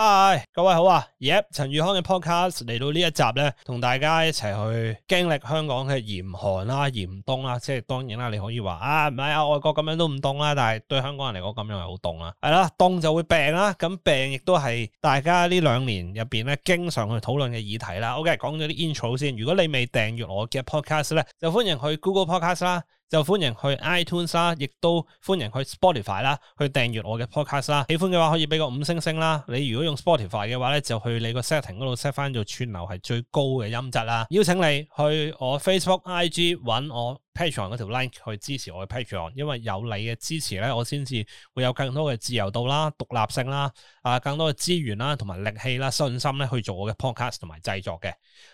嗨，Hi, 各位好啊！Yep, 陳宇康嘅 podcast 嚟到呢一集咧，同大家一齊去經歷香港嘅嚴寒啦、啊、嚴冬啦、啊，即係當然啦，你可以話啊，唔係啊，外國咁樣都唔凍啦，但係對香港人嚟講、啊，咁樣係好凍啦。係啦，凍就會病啦、啊，咁病亦都係大家兩呢兩年入邊咧，經常去討論嘅議題啦。OK，講咗啲 intro 先。如果你未訂閱我嘅 podcast 咧，就歡迎去 Google Podcast 啦。就歡迎去 iTunes 啦，亦都歡迎去 Spotify 啦，去訂閱我嘅 podcast 啦。喜歡嘅話可以俾個五星星啦。你如果用 Spotify 嘅話咧，就去你個 setting 嗰度 set 翻做串流係最高嘅音質啦。邀請你去我 Facebook、IG 揾我 p a t r o n 嗰條 l i n k 去支持我嘅 p a t r o n 因為有你嘅支持咧，我先至會有更多嘅自由度啦、獨立性啦、啊更多嘅資源啦、同埋力氣啦、信心咧去做我嘅 podcast 同埋製作嘅。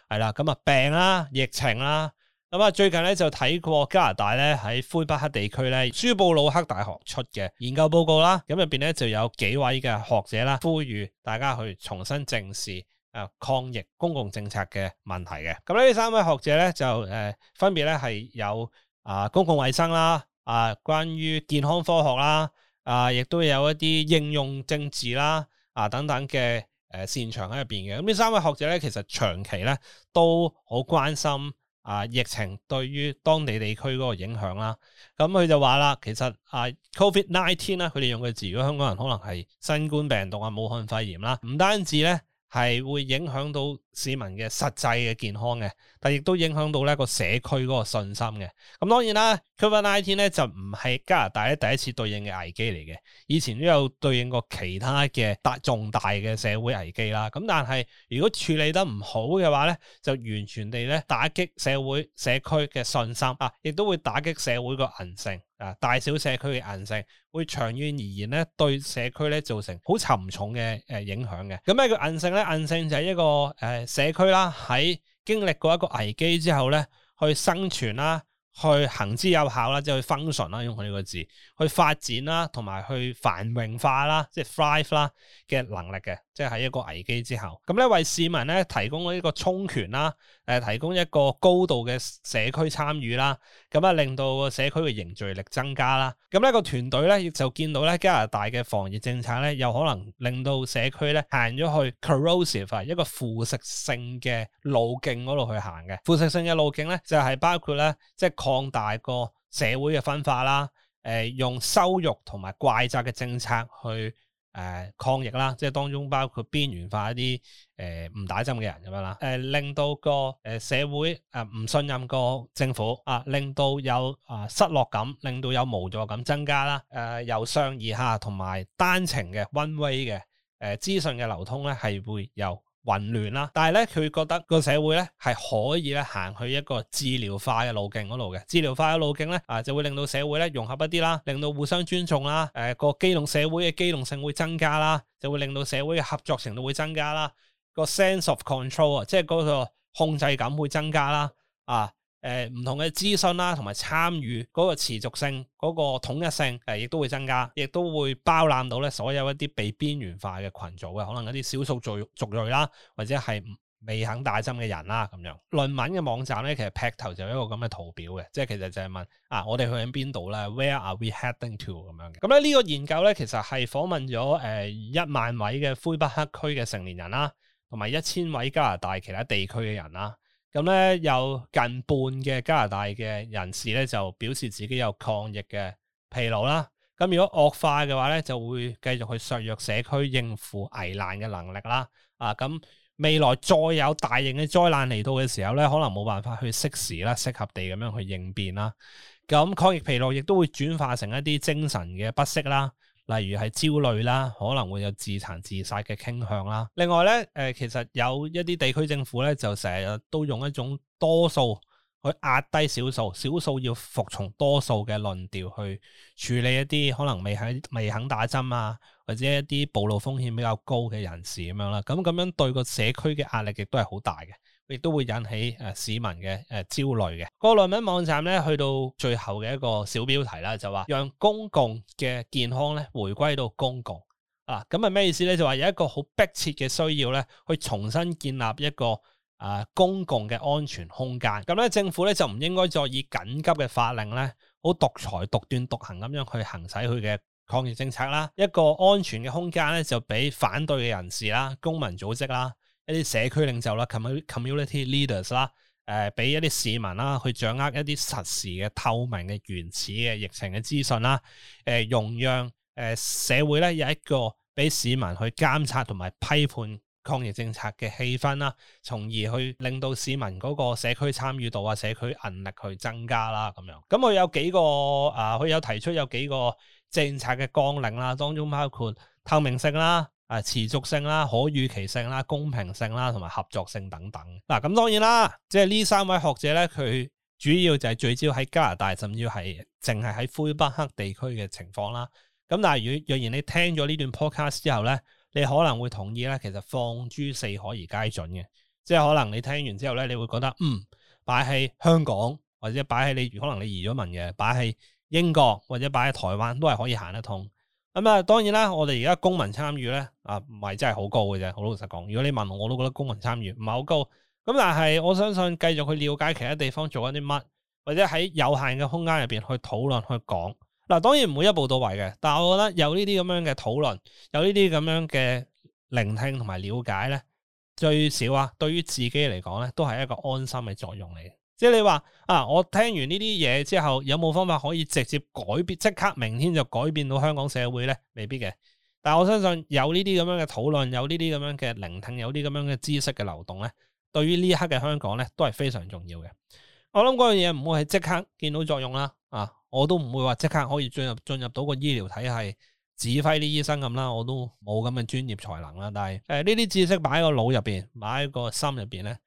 係啦，咁啊病啦，疫情啦。咁啊，最近咧就睇過加拿大咧喺魁北克地區咧，舒布魯克大學出嘅研究報告啦。咁入邊咧就有幾位嘅學者啦，呼籲大家去重新正視啊抗疫公共政策嘅問題嘅。咁呢三位學者咧就誒分別咧係有啊公共衛生啦，啊關於健康科學啦，啊亦都有一啲應用政治啦啊等等嘅誒擅長喺入邊嘅。咁呢三位學者咧，其實長期咧都好關心。啊！疫情對於當地地區嗰個影響啦，咁、嗯、佢就話啦，其實啊，COVID-19 啦，佢哋、啊、用嘅字，如果香港人可能係新冠病毒啊、武漢肺炎啦，唔單止咧，係會影響到市民嘅實際嘅健康嘅，但亦都影響到咧個社區嗰個信心嘅。咁當然啦，COVID-19 咧就唔係加拿大咧第一次對應嘅危機嚟嘅，以前都有對應過其他嘅大重大嘅社會危機啦。咁但係如果處理得唔好嘅話咧，就完全地咧打擊社會社區嘅信心啊，亦都會打擊社會個韌性啊，大小社區嘅韌性會長遠而言咧對社區咧造成好沉重嘅誒影響嘅。咁咩叫韌性咧？韌性就係一個誒。呃社區啦，喺經歷過一個危機之後咧，去生存啦。去行之有效啦，即係去 function 啦，用佢呢個字去發展啦，同埋去繁榮化啦，即係 thrive 啦嘅能力嘅，即係喺一個危機之後，咁咧為市民咧提供一個充權啦，誒、呃、提供一個高度嘅社區參與啦，咁啊令到個社區嘅凝聚力增加啦，咁呢個團隊咧亦就見到咧加拿大嘅防疫政策咧，有可能令到社區咧行咗去 corrosive 啊一個腐蝕性嘅路徑嗰度去行嘅，腐蝕性嘅路徑咧就係、是、包括咧即係。擴大個社會嘅分化啦，誒用羞辱同埋怪責嘅政策去誒抗疫啦，即係當中包括邊緣化一啲誒唔打針嘅人咁樣啦，誒令到個誒社會誒唔信任個政府啊，令到有啊失落感，令到有無助感增加啦，誒由上而下同埋單程嘅 one way 嘅誒資訊嘅流通咧係會有。混亂啦，但係咧佢覺得個社會咧係可以咧行去一個治療化嘅路徑嗰度，嘅治療化嘅路徑咧啊就會令到社會咧融合一啲啦，令到互相尊重啦，誒、呃個機動社會嘅機動性會增加啦，就會令到社會嘅合作程度會增加啦，個 sense of control 啊，即係嗰個控制感會增加啦，啊。誒唔同嘅諮詢啦，同埋參與嗰、那個持續性、嗰、那個統一性，誒亦都會增加，亦都會包攬到咧所有一啲被邊緣化嘅群組嘅，可能一啲少數族族類啦，或者係未肯打針嘅人啦咁樣。論文嘅網站咧，其實劈頭就有一個咁嘅圖表嘅，即、就、係、是、其實就係問啊，我哋去緊邊度咧？Where are we heading to？咁樣嘅。咁咧呢、這個研究咧，其實係訪問咗誒一萬位嘅魁北克區嘅成年人啦，同埋一千位加拿大其他地區嘅人啦。嗯、有近半嘅加拿大嘅人士咧，就表示自己有抗疫嘅疲勞啦。咁、嗯、如果惡化嘅話咧，就會繼續去削弱社區應付危難嘅能力啦。啊，咁、嗯、未來再有大型嘅災難嚟到嘅時候咧，可能冇辦法去適時啦、適合地咁樣去應變啦。咁、嗯、抗疫疲勞亦都會轉化成一啲精神嘅不適啦。例如係焦慮啦，可能會有自殘自殺嘅傾向啦。另外咧，誒、呃、其實有一啲地區政府咧，就成日都用一種多數去壓低少數，少數要服從多數嘅論調去處理一啲可能未喺未肯打針啊，或者一啲暴露風險比較高嘅人士咁樣啦。咁咁樣對個社區嘅壓力亦都係好大嘅。亦都會引起誒、呃、市民嘅誒、呃、焦慮嘅。這個論文網站咧去到最後嘅一個小標題啦，就話讓公共嘅健康咧回歸到公共啊，咁係咩意思咧？就話有一個好迫切嘅需要咧，去重新建立一個啊、呃、公共嘅安全空間。咁咧政府咧就唔應該再以緊急嘅法令咧，好獨裁、獨斷、獨行咁樣去行使佢嘅抗疫政策啦。一個安全嘅空間咧，就俾反對嘅人士啦、公民組織啦。一啲社區領袖啦，community leaders 啦、呃，誒，俾一啲市民啦，去掌握一啲實時嘅透明嘅原始嘅疫情嘅資訊啦，誒、呃，容讓誒、呃、社會咧有一個俾市民去監察同埋批判抗疫政策嘅氣氛啦，從而去令到市民嗰個社區參與度啊、社區韌力去增加啦，咁樣。咁、嗯、佢有幾個啊，佢有提出有幾個政策嘅綱領啦，當中包括透明性啦。持續性啦、可預期性啦、公平性啦同埋合作性等等。嗱、啊，咁當然啦，即係呢三位學者咧，佢主要就係聚焦喺加拿大，甚至係淨係喺魁北克地區嘅情況啦。咁但係若然你聽咗呢段 podcast 之後咧，你可能會同意咧，其實放諸四海而皆準嘅，即係可能你聽完之後咧，你會覺得嗯，擺喺香港或者擺喺你可能你移咗民嘅，擺喺英國或者擺喺台灣都係可以行得通。咁當然啦，我哋而家公民參與呢，啊，唔係真係好高嘅啫。好老實講，如果你問我，我都覺得公民參與唔係好高。咁但係我相信繼續去了解其他地方做緊啲乜，或者喺有限嘅空間入面去討論去講。嗱，啊，當然唔會一步到位嘅，但我覺得有呢啲咁樣嘅討論，有呢啲咁樣嘅聆聽同埋了解呢，最少啊，對於自己嚟講呢，都係一個安心嘅作用嚟。即係你話啊，我聽完呢啲嘢之後，有冇方法可以直接改變，即刻明天就改變到香港社會咧？未必嘅。但係我相信有呢啲咁樣嘅討論，有呢啲咁樣嘅聆聽，有啲咁樣嘅知識嘅流動咧，對於呢一刻嘅香港咧，都係非常重要嘅。我諗嗰樣嘢唔會係即刻見到作用啦，啊，我都唔會話即刻可以進入進入到個醫療體系指揮啲醫生咁啦，我都冇咁嘅專業才能啦。但係誒，呢、呃、啲知識擺喺個腦入邊，擺喺個心入邊咧，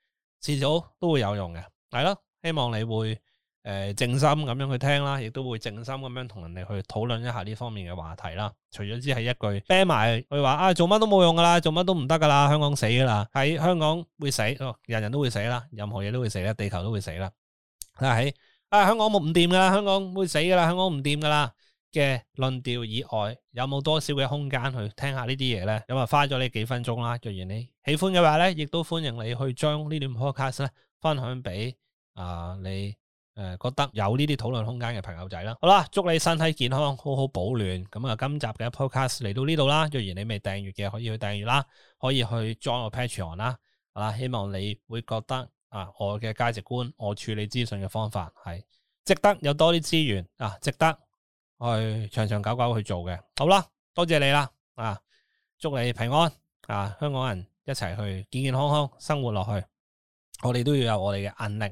遲早都會有用嘅，係咯。希望你會誒靜心咁樣去聽啦，亦都會靜心咁樣同人哋去討論一下呢方面嘅話題啦。除咗只係一句啤埋佢話啊，做乜都冇用噶啦，做乜都唔得噶啦，香港死噶啦，喺香港會死，哦，人人都會死啦，任何嘢都會死啦，地球都會死啦。喺啊香港冇唔掂噶，香港會死噶啦，香港唔掂噶啦嘅論調以外，有冇多少嘅空間去聽下呢啲嘢咧？咁啊，花咗你幾分鐘啦。若然你喜歡嘅話咧，亦都歡迎你去將呢段 podcast 咧分享俾。啊，你誒、呃、覺得有呢啲討論空間嘅朋友仔啦，好啦，祝你身體健康，好好保暖。咁、嗯、啊，今集嘅 podcast 嚟到呢度啦。若然你未訂閱嘅，可以去訂閱啦，可以去 join 個 Patreon 啦。好、啊、啦，希望你會覺得啊，我嘅價值觀，我處理資訊嘅方法係值得有多啲資源啊，值得去長長久久去做嘅。好啦，多謝你啦，啊，祝你平安啊，香港人一齊去健健康康生活落去。我哋都要有我哋嘅韌力。